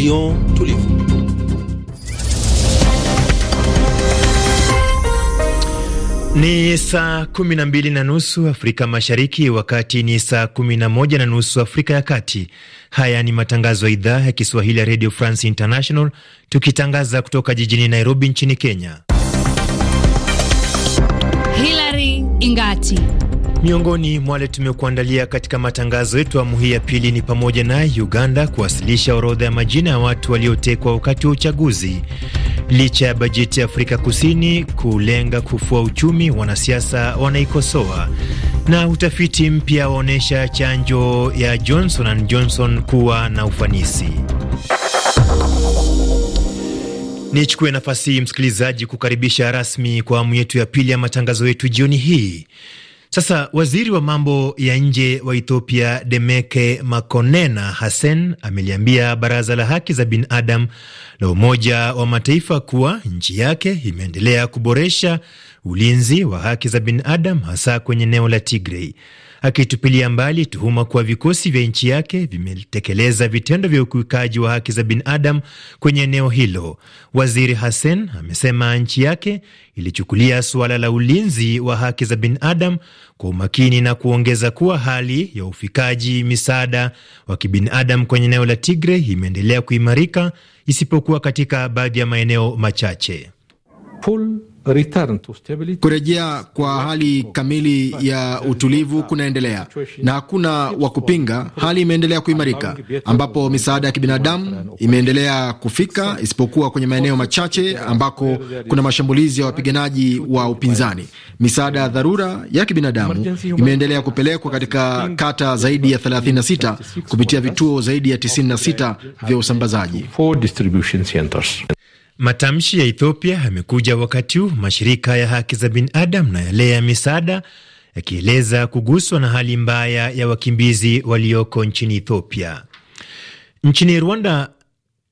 Lyon tulivu. Ni saa kumi na mbili na nusu Afrika Mashariki, wakati ni saa kumi na moja na nusu Afrika ya Kati. Haya ni matangazo ya idhaa ya Kiswahili ya Radio France International, tukitangaza kutoka jijini Nairobi nchini Kenya. Hilary Ingati Miongoni mwa wale tumekuandalia katika matangazo yetu awamu hii ya pili ni pamoja na Uganda kuwasilisha orodha ya majina ya watu waliotekwa wakati wa uchaguzi. Licha ya bajeti ya Afrika Kusini kulenga kufua uchumi, wanasiasa wanaikosoa. Na utafiti mpya waonyesha chanjo ya Johnson and Johnson kuwa na ufanisi. Nichukue nafasi hii msikilizaji, kukaribisha rasmi kwa awamu yetu ya pili ya matangazo yetu jioni hii. Sasa waziri wa mambo ya nje wa Ethiopia Demeke Mekonnen Hassen ameliambia baraza la haki za binadamu la Umoja wa Mataifa kuwa nchi yake imeendelea kuboresha ulinzi wa haki za binadamu hasa kwenye eneo la Tigray akitupilia mbali tuhuma kuwa vikosi vya nchi yake vimetekeleza vitendo vya ukiukaji wa haki za binadamu kwenye eneo hilo. Waziri Hassan amesema nchi yake ilichukulia suala la ulinzi wa haki za binadamu kwa umakini na kuongeza kuwa hali ya ufikaji misaada wa kibinadamu kwenye eneo la Tigre imeendelea kuimarika isipokuwa katika baadhi ya maeneo machache Pull. Kurejea kwa hali kamili ya utulivu kunaendelea na hakuna wa kupinga. Hali imeendelea kuimarika, ambapo misaada ya kibinadamu imeendelea kufika, isipokuwa kwenye maeneo machache ambako kuna mashambulizi ya wapiganaji wa upinzani. Misaada ya dharura ya kibinadamu imeendelea kupelekwa katika kata zaidi ya 36 kupitia vituo zaidi ya 96 vya usambazaji. Matamshi ya Ethiopia yamekuja wakati huu mashirika ya haki za binadamu na yale ya misaada yakieleza kuguswa na hali mbaya ya wakimbizi walioko nchini Ethiopia. Nchini Rwanda,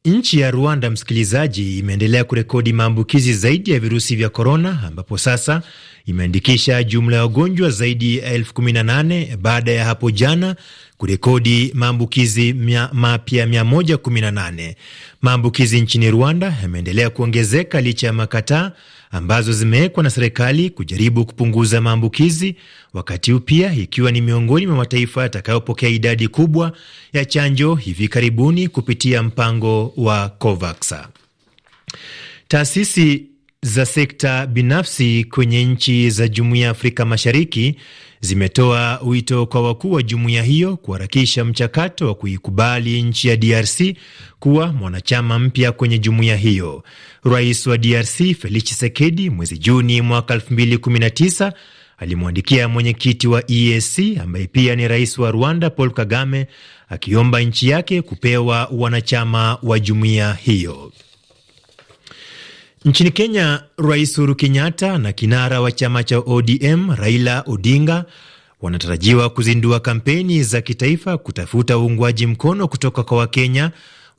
nchi ya Rwanda, msikilizaji, imeendelea kurekodi maambukizi zaidi ya virusi vya korona, ambapo sasa imeandikisha jumla ya wagonjwa zaidi ya elfu kumi na nane baada ya hapo jana kurekodi maambukizi mapya 118. Maambukizi nchini Rwanda yameendelea kuongezeka licha ya makataa ambazo zimewekwa na serikali kujaribu kupunguza maambukizi, wakati huu pia ikiwa ni miongoni mwa mataifa yatakayopokea idadi kubwa ya chanjo hivi karibuni kupitia mpango wa Covax. Taasisi za sekta binafsi kwenye nchi za Jumuiya ya Afrika Mashariki zimetoa wito kwa wakuu wa jumuiya hiyo kuharakisha mchakato wa kuikubali nchi ya DRC kuwa mwanachama mpya kwenye jumuiya hiyo. Rais wa DRC Felix Tshisekedi mwezi Juni mwaka 2019 alimwandikia mwenyekiti wa EAC ambaye pia ni rais wa Rwanda Paul Kagame akiomba nchi yake kupewa wanachama wa jumuiya hiyo. Nchini Kenya, Rais Uhuru Kenyatta na kinara wa chama cha ODM Raila Odinga wanatarajiwa kuzindua kampeni za kitaifa kutafuta uungwaji mkono kutoka kwa Wakenya,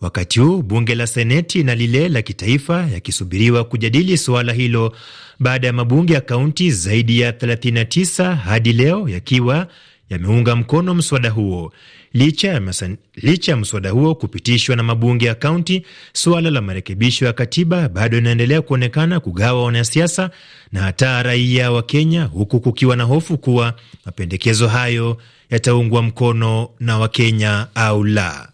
wakati huu bunge la Seneti na lile la kitaifa yakisubiriwa kujadili suala hilo baada ya mabunge ya kaunti zaidi ya 39 hadi leo yakiwa yameunga mkono mswada huo licha ya, masan... licha ya mswada huo kupitishwa na mabunge ya kaunti, suala la marekebisho ya katiba bado inaendelea kuonekana kugawa wanasiasa na hata raia wa Kenya, huku kukiwa na hofu kuwa mapendekezo hayo yataungwa mkono na Wakenya au la.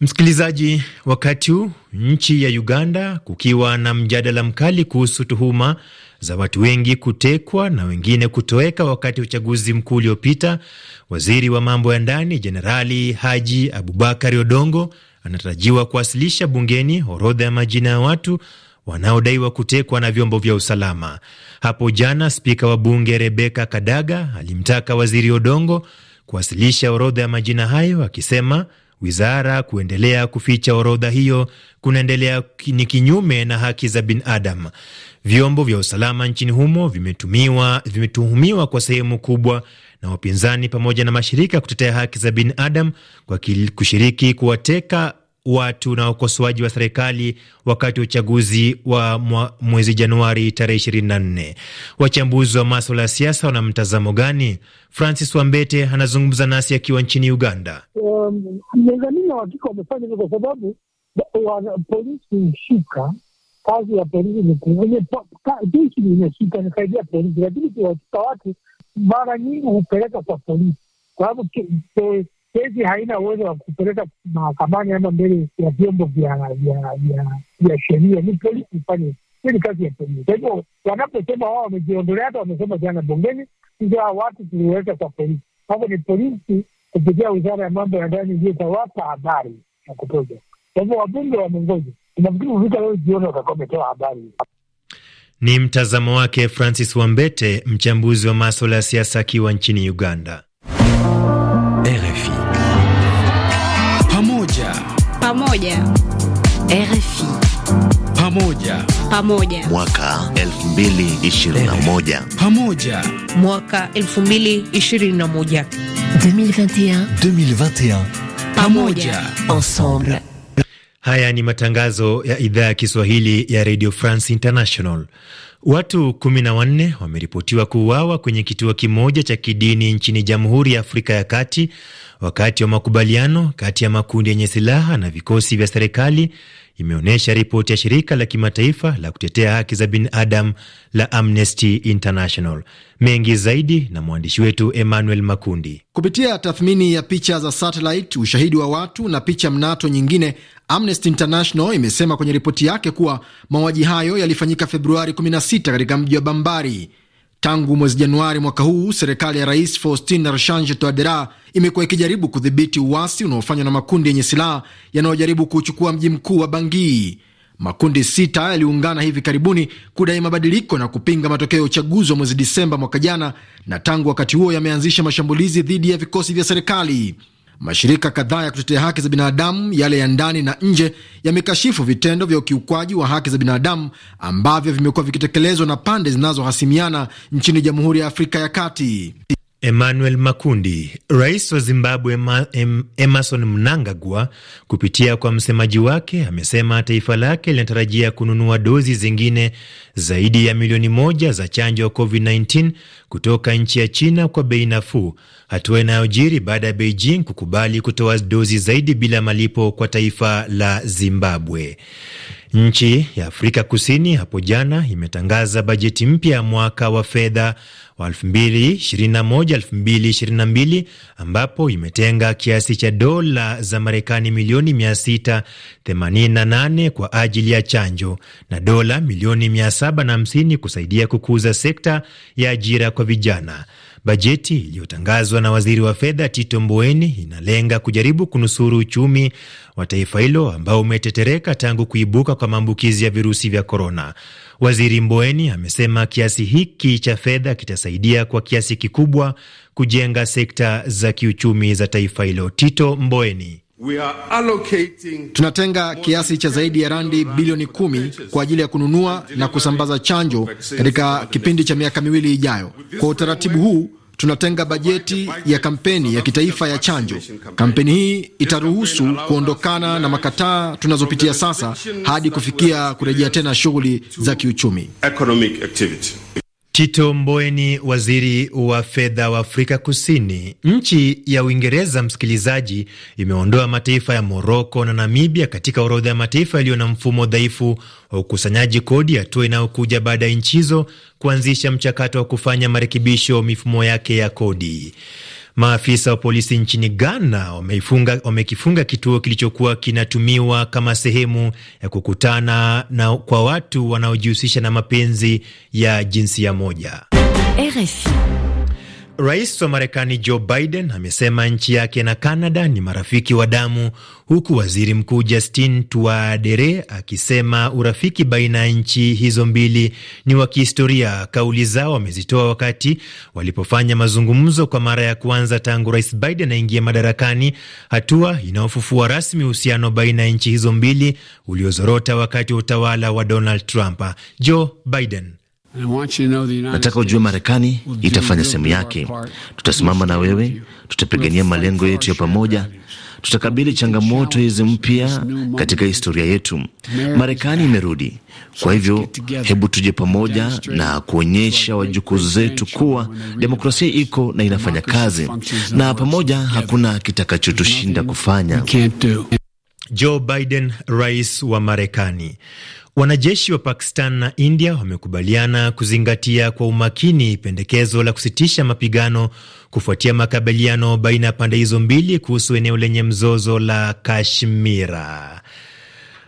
Msikilizaji, wakati huu nchi ya Uganda kukiwa na mjadala mkali kuhusu tuhuma za watu wengi kutekwa na wengine kutoweka wakati wa uchaguzi mkuu uliopita, waziri wa mambo ya ndani Jenerali Haji Abubakar Odongo anatarajiwa kuwasilisha bungeni orodha ya majina ya watu wanaodaiwa kutekwa na vyombo vya usalama. Hapo jana, spika wa bunge Rebeka Kadaga alimtaka waziri Odongo kuwasilisha orodha ya majina hayo akisema wizara kuendelea kuficha orodha hiyo kunaendelea ni kinyume na haki za binadamu. Vyombo vya usalama nchini humo vimetumiwa vimetuhumiwa kwa sehemu kubwa na wapinzani pamoja na mashirika ya kutetea haki za binadamu kwa kushiriki kuwateka watu na ukosoaji wa serikali wakati wa uchaguzi wa mwezi Januari tarehe 24. Wachambuzi wa maswala ya siasa wana mtazamo gani? Francis Wambete anazungumza nasi akiwa nchini Uganda. Um, Tanzania hakika wamefanya hivyo kwa sababu polisi hushika kazi ya polisi ni jeshi nisaidia polisi, lakini kiwatika watu mara nyingi hupeleka kwa polisi kwa sababu kesi haina uwezo wa kupeleka mahakamani ama mbele ya vyombo vya sheria, ni polisi ifanye hii, ni kazi ya polisi. Kwa hivyo wanaposema wao wamejiondolea, hata wamesema jana bungeni, ingawa watu tuliweka kwa polisi. Kwa ni polisi kupitia wizara ya mambo ya ndani ndio itawapa habari ya kutoja. Kwa hivyo wabunge wamengoja, inafikiri kufika leo jioni watakuwa wametoa habari. Ni mtazamo wake Francis Wambete, mchambuzi wa maswala ya siasa akiwa nchini Uganda. Pamoja. RFI. Pamoja. Pamoja. Mwaka 2021. Pamoja. Mwaka 2021. 2021. 2021. Pamoja. Ensemble. Haya ni matangazo ya idhaa ya Kiswahili ya Radio France International. Watu kumi na wanne wameripotiwa kuuawa kwenye kituo kimoja cha kidini nchini Jamhuri ya Afrika ya Kati wakati wa makubaliano kati ya makundi yenye silaha na vikosi vya serikali, imeonyesha ripoti ya shirika la kimataifa la kutetea haki za binadamu la Amnesty International. Mengi zaidi na mwandishi wetu Emmanuel Makundi. Kupitia tathmini ya picha za satellite, ushahidi wa watu na picha mnato nyingine Amnesty International imesema kwenye ripoti yake kuwa mauaji hayo yalifanyika Februari 16 katika mji wa Bambari. Tangu mwezi Januari mwaka huu, serikali ya Rais Faustin Archange Touadera imekuwa ikijaribu kudhibiti uasi unaofanywa na makundi yenye silaha yanayojaribu kuuchukua mji mkuu wa Bangui. Makundi sita yaliungana hivi karibuni kudai mabadiliko na kupinga matokeo ya uchaguzi wa mwezi Disemba mwaka jana, na tangu wakati huo yameanzisha mashambulizi dhidi ya vikosi vya serikali. Mashirika kadhaa ya kutetea haki za binadamu yale ya ndani na nje yamekashifu vitendo vya ukiukwaji wa haki za binadamu ambavyo vimekuwa vikitekelezwa na pande zinazohasimiana nchini Jamhuri ya Afrika ya Kati. Emmanuel Makundi. Rais wa Zimbabwe Emerson Mnangagwa kupitia kwa msemaji wake amesema taifa lake linatarajia kununua dozi zingine zaidi ya milioni moja za chanjo ya COVID-19 kutoka nchi ya China kwa bei nafuu, hatua inayojiri baada ya Beijing kukubali kutoa dozi zaidi bila malipo kwa taifa la Zimbabwe. Nchi ya Afrika Kusini hapo jana imetangaza bajeti mpya ya mwaka wa fedha wa 2021-2022 ambapo imetenga kiasi cha dola za Marekani milioni 688 kwa ajili ya chanjo na dola milioni 750 kusaidia kukuza sekta ya ajira kwa vijana. Bajeti iliyotangazwa na waziri wa fedha Tito Mboweni inalenga kujaribu kunusuru uchumi wa taifa hilo ambao umetetereka tangu kuibuka kwa maambukizi ya virusi vya korona. Waziri Mboweni amesema kiasi hiki cha fedha kitasaidia kwa kiasi kikubwa kujenga sekta za kiuchumi za taifa hilo. Tito Mboweni We are allocating... tunatenga kiasi cha zaidi ya randi bilioni kumi kwa ajili ya kununua na kusambaza chanjo katika kipindi cha miaka miwili ijayo. Kwa utaratibu huu tunatenga bajeti ya kampeni ya kitaifa ya chanjo. Kampeni hii itaruhusu kuondokana na makataa tunazopitia sasa hadi kufikia kurejea tena shughuli za kiuchumi. Tito Mboweni, waziri wa fedha wa Afrika Kusini. Nchi ya Uingereza, msikilizaji, imeondoa mataifa ya Moroko na Namibia katika orodha ya mataifa yaliyo na mfumo dhaifu wa ukusanyaji kodi, hatua inayokuja baada ya nchi hizo kuanzisha mchakato wa kufanya marekebisho mifumo yake ya kodi. Maafisa wa polisi nchini Ghana wamekifunga kituo kilichokuwa kinatumiwa kama sehemu ya kukutana na kwa watu wanaojihusisha na mapenzi ya jinsia moja. RFI. Rais wa Marekani Joe Biden amesema nchi yake na Canada ni marafiki wa damu, huku waziri mkuu Justin tuadere akisema urafiki baina ya nchi hizo mbili ni wa kihistoria. Kauli zao wamezitoa wakati walipofanya mazungumzo kwa mara ya kwanza tangu Rais Biden aingie madarakani, hatua inayofufua rasmi uhusiano baina ya nchi hizo mbili uliozorota wakati wa utawala wa Donald Trump. Joe Biden Nataka ujue Marekani itafanya sehemu yake. Tutasimama na wewe, tutapigania malengo yetu ya pamoja, tutakabili changamoto hizi mpya katika historia yetu. Marekani imerudi. Kwa hivyo, hebu tuje pamoja na kuonyesha wajukuu zetu kuwa demokrasia iko na inafanya kazi, na pamoja hakuna kitakachotushinda kufanya. Joe Biden, rais wa Marekani. Wanajeshi wa Pakistan na India wamekubaliana kuzingatia kwa umakini pendekezo la kusitisha mapigano kufuatia makabiliano baina ya pande hizo mbili kuhusu eneo lenye mzozo la Kashmira.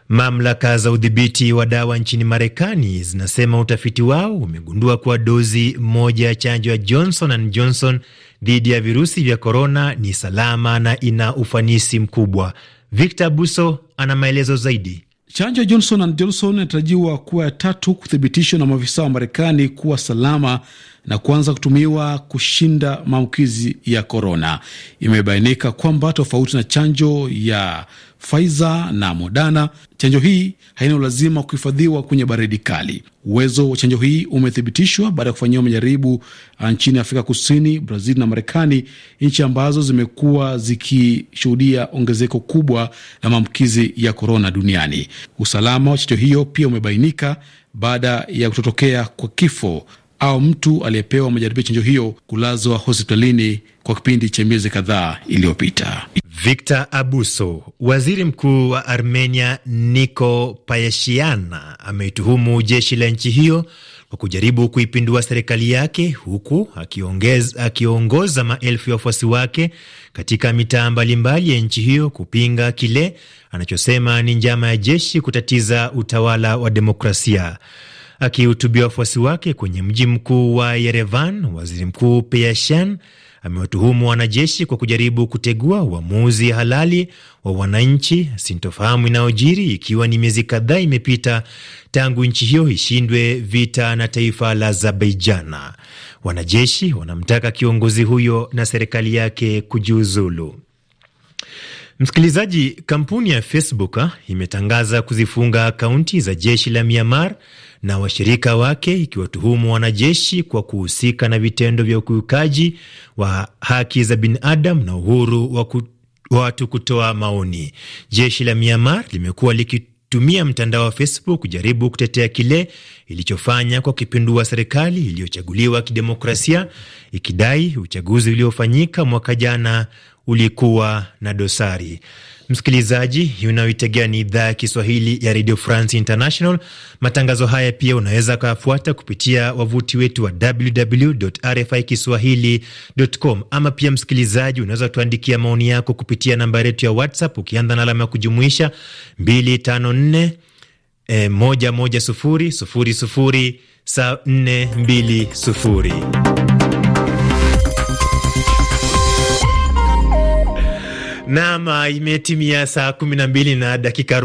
Mamlaka za udhibiti wa dawa nchini Marekani zinasema utafiti wao umegundua kuwa dozi moja ya chanjo ya Johnson and Johnson dhidi ya virusi vya korona ni salama na ina ufanisi mkubwa. Victor Buso ana maelezo zaidi. Chanjo ya Johnson and Johnson inatarajiwa kuwa ya tatu kuthibitishwa na maafisa wa Marekani kuwa salama na kuanza kutumiwa kushinda maambukizi ya korona. Imebainika kwamba tofauti na chanjo ya Pfizer na Moderna, Chanjo hii haina ulazima wa kuhifadhiwa kwenye baridi kali. Uwezo wa chanjo hii umethibitishwa baada ya kufanyiwa majaribu uh, nchini Afrika Kusini, Brazil na Marekani, nchi ambazo zimekuwa zikishuhudia ongezeko kubwa la maambukizi ya korona duniani. Usalama wa chanjo hiyo pia umebainika baada ya kutotokea kwa kifo au mtu aliyepewa majaribio chanjo hiyo kulazwa hospitalini kwa kipindi cha miezi kadhaa iliyopita. Victor Abuso, waziri mkuu wa Armenia Niko Payashiana, ameituhumu jeshi la nchi hiyo kwa kujaribu kuipindua serikali yake, huku akiongoza maelfu ya wafuasi wake katika mitaa mbalimbali ya nchi hiyo kupinga kile anachosema ni njama ya jeshi kutatiza utawala wa demokrasia. Akihutubia wafuasi wake kwenye mji mkuu wa Yerevan, waziri mkuu Peyashan amewatuhumu wanajeshi kwa kujaribu kutegua uamuzi halali wa wananchi, sintofahamu inayojiri ikiwa ni miezi kadhaa imepita tangu nchi hiyo ishindwe vita na taifa la Azerbaijana. Wanajeshi wanamtaka kiongozi huyo na serikali yake kujiuzulu. Msikilizaji, kampuni ya Facebook imetangaza kuzifunga akaunti za jeshi la Myanmar na washirika wake ikiwatuhumu wanajeshi kwa kuhusika na vitendo vya ukiukaji wa haki za binadamu na uhuru wa ku, watu kutoa maoni. Jeshi la Myanmar limekuwa likitumia mtandao wa Facebook kujaribu kutetea kile ilichofanya kwa kipindua serikali iliyochaguliwa kidemokrasia, ikidai uchaguzi uliofanyika mwaka jana ulikuwa na dosari. Msikilizaji, unayoitegea ni idhaa ya Kiswahili ya Radio France International. Matangazo haya pia unaweza kuyafuata kupitia wavuti wetu wa www RFI kiswahilicom, ama pia msikilizaji, unaweza tuandikia maoni yako kupitia namba yetu ya WhatsApp ukianza na alama ya kujumuisha 254 Naam, ah, imetimia saa kumi na mbili na dakika